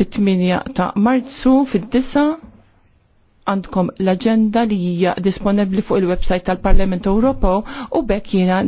fit-8 ta' marzu fid-9 għandkom l-agenda li hija disponibbli fuq il-website tal-Parlament Ewropew u bekk jiena